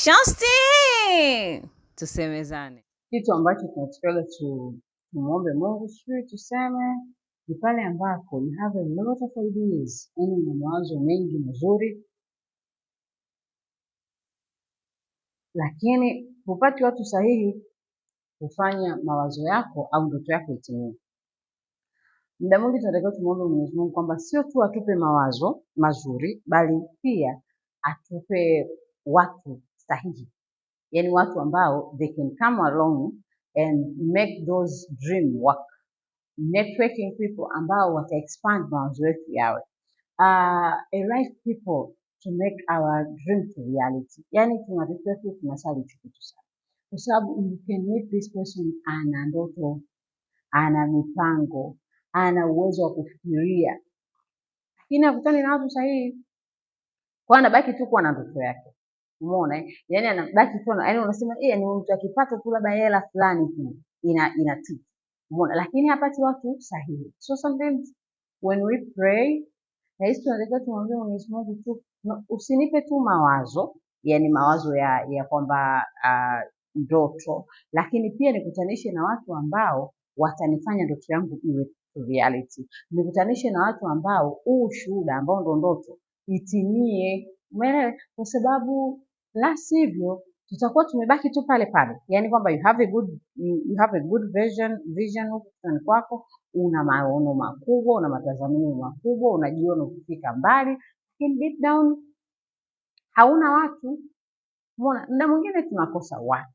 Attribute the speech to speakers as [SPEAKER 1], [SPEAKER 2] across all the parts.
[SPEAKER 1] Shosti, tusemezane
[SPEAKER 2] kitu ambacho tunatakiwa tumwombe Mungu, sijui tuseme ni pale ambapo you have a lot of ideas, yaani na mawazo mengi mazuri, lakini hupati watu sahihi kufanya mawazo yako au ndoto yako itimie. Muda mwingi tunatakiwa tumwombe Mwenyezi Mungu kwamba sio tu atupe mawazo mazuri, bali pia atupe watu sahihi, yani watu ambao they can come along and make those dream work, networking people ambao wata expand mawazo yetu yawe uh, a right people to make our dream to reality. Yani tunatakiwa tu tunasali hicho kitu sana, kwa sababu you can meet this person, ana ndoto, ana mipango, ana uwezo wa kufikiria, lakini akutani na watu sahihi, kwa anabaki tu kuwa na ndoto yake umeona eh? Yani anabaki tu yani, unasema eh, ni mtu akipata tu labda hela fulani tu ina ina tiki, umeona, lakini hapati watu sahihi. So sometimes when we pray, na hisi tunatakiwa tumwambie Mwenyezi Mungu tu no, usinipe tu mawazo yani mawazo ya ya kwamba ah, ndoto uh, lakini pia nikutanishe na watu ambao watanifanya ndoto yangu iwe reality, nikutanishe na watu ambao huu shuhuda ambao ndo ndoto itimie, umeelewa? Kwa sababu la sivyo tutakuwa tumebaki tu pale pale, yani kwamba you have a good, you have a good vision, vision huko kichwani kwako, una maono makubwa, una matazamio makubwa, unajiona ukifika mbali, lakini deep down hauna watu. Umeona, muda mwingine tunakosa watu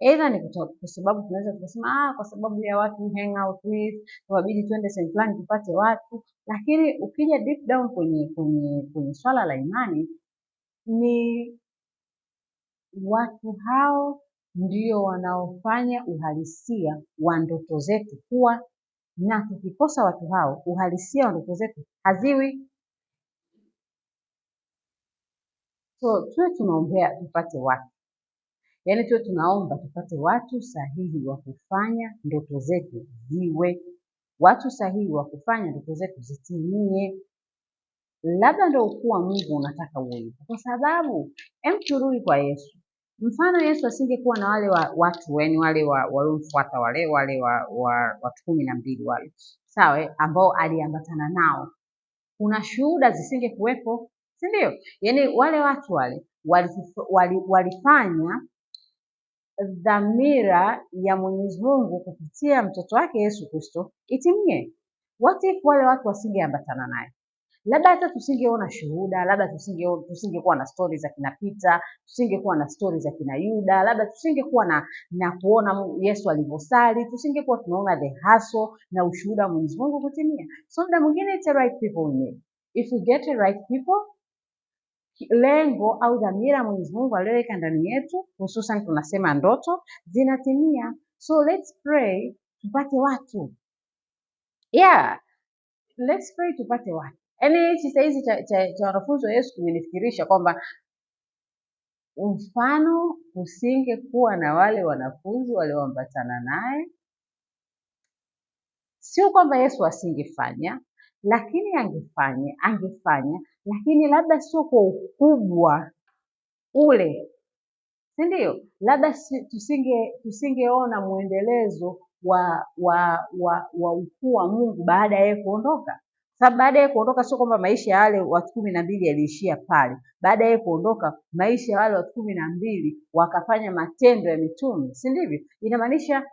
[SPEAKER 2] Aidha ni kwa sababu tunaweza tukasema ah, kwa sababu ya watu hang out with, tuwabidi twende sehemu fulani tupate watu. Lakini ukija deep down kwenye kwenye kwenye swala la imani, ni Watu hao ndio wanaofanya uhalisia wa ndoto zetu kuwa na tukikosa watu hao uhalisia wa ndoto zetu haziwi. So tuwe tunaombea tupate watu, yaani tuwe tunaomba tupate watu sahihi wa kufanya ndoto zetu ziwe, watu sahihi wa kufanya ndoto zetu zitimie. Labda ndo ukuu wa Mungu unataka uwe kwa sababu em, turudi kwa Yesu Mfano Yesu asingekuwa na wale wa, watu yani wale waliomfuata wale wale wa, wa, watu kumi na mbili wale sawa, ambao aliambatana nao, kuna shuhuda zisingekuwepo, si ndio? Yani wale watu wale walifanya dhamira ya Mwenyezi Mungu kupitia mtoto wake Yesu Kristo itimie. What if wale watu wasingeambatana naye? labda hata tusingeona shuhuda, labda tusingekuwa na stori za kina Pita, tusingekuwa na stori za kina Yuda, labda tusingekuwa na na kuona Yesu alivyosali, tusingekuwa tunaona the hustle na ushuhuda wa Mwenyezi Mungu kutimia. So muda mwingine it's the right people we need. If we get the right people, lengo au dhamira Mwenyezi Mungu aliyoweka ndani yetu, hususan tunasema ndoto zinatimia. So let's pray tupate watu. Yeah, let's pray tupate watu Yaani hichi saa hizi cha, cha, cha wanafunzi wa Yesu kimenifikirisha kwamba mfano usingekuwa na wale wanafunzi walioambatana naye, sio kwamba Yesu asingefanya, lakini angefanya angefanya, lakini labda sio kwa ukubwa ule, si ndio? Labda tusinge tusingeona mwendelezo wa wa wa, wa ukuu wa Mungu baada ya yeye kuondoka Sababu baada ya kuondoka sio kwamba maisha ya wale watu kumi na mbili yaliishia pale. Baada ya kuondoka, maisha ya wale watu kumi na mbili wakafanya matendo ya mitume, si ndivyo? Inamaanisha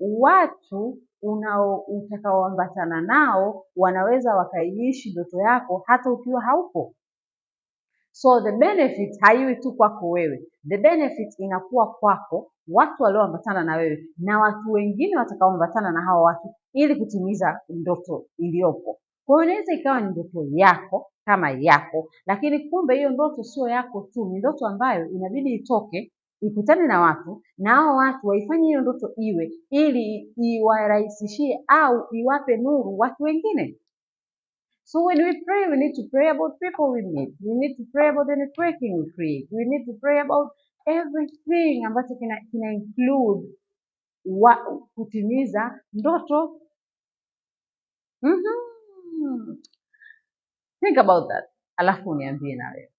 [SPEAKER 2] watu unao utakaoambatana nao wanaweza wakaiishi ndoto yako hata ukiwa haupo. So the benefit haiwi tu kwako wewe, the benefit inakuwa kwako, watu walioambatana na wewe na watu wengine watakaoambatana na hao watu, ili kutimiza ndoto iliyopo. Kwa hiyo inaweza ikawa ni ndoto yako kama yako, lakini kumbe hiyo ndoto sio yako tu, ni ndoto ambayo inabidi itoke ikutane na watu na hao watu waifanye hiyo ndoto iwe, ili iwarahisishie au iwape nuru watu wengine. So when we pray, we need to pray about people we meet. We need to pray about the networking we create. We need to pray about everything ambacho kina, kina include wa, kutimiza ndoto. Mm -hmm. Think about that, alafu uniambie nawe.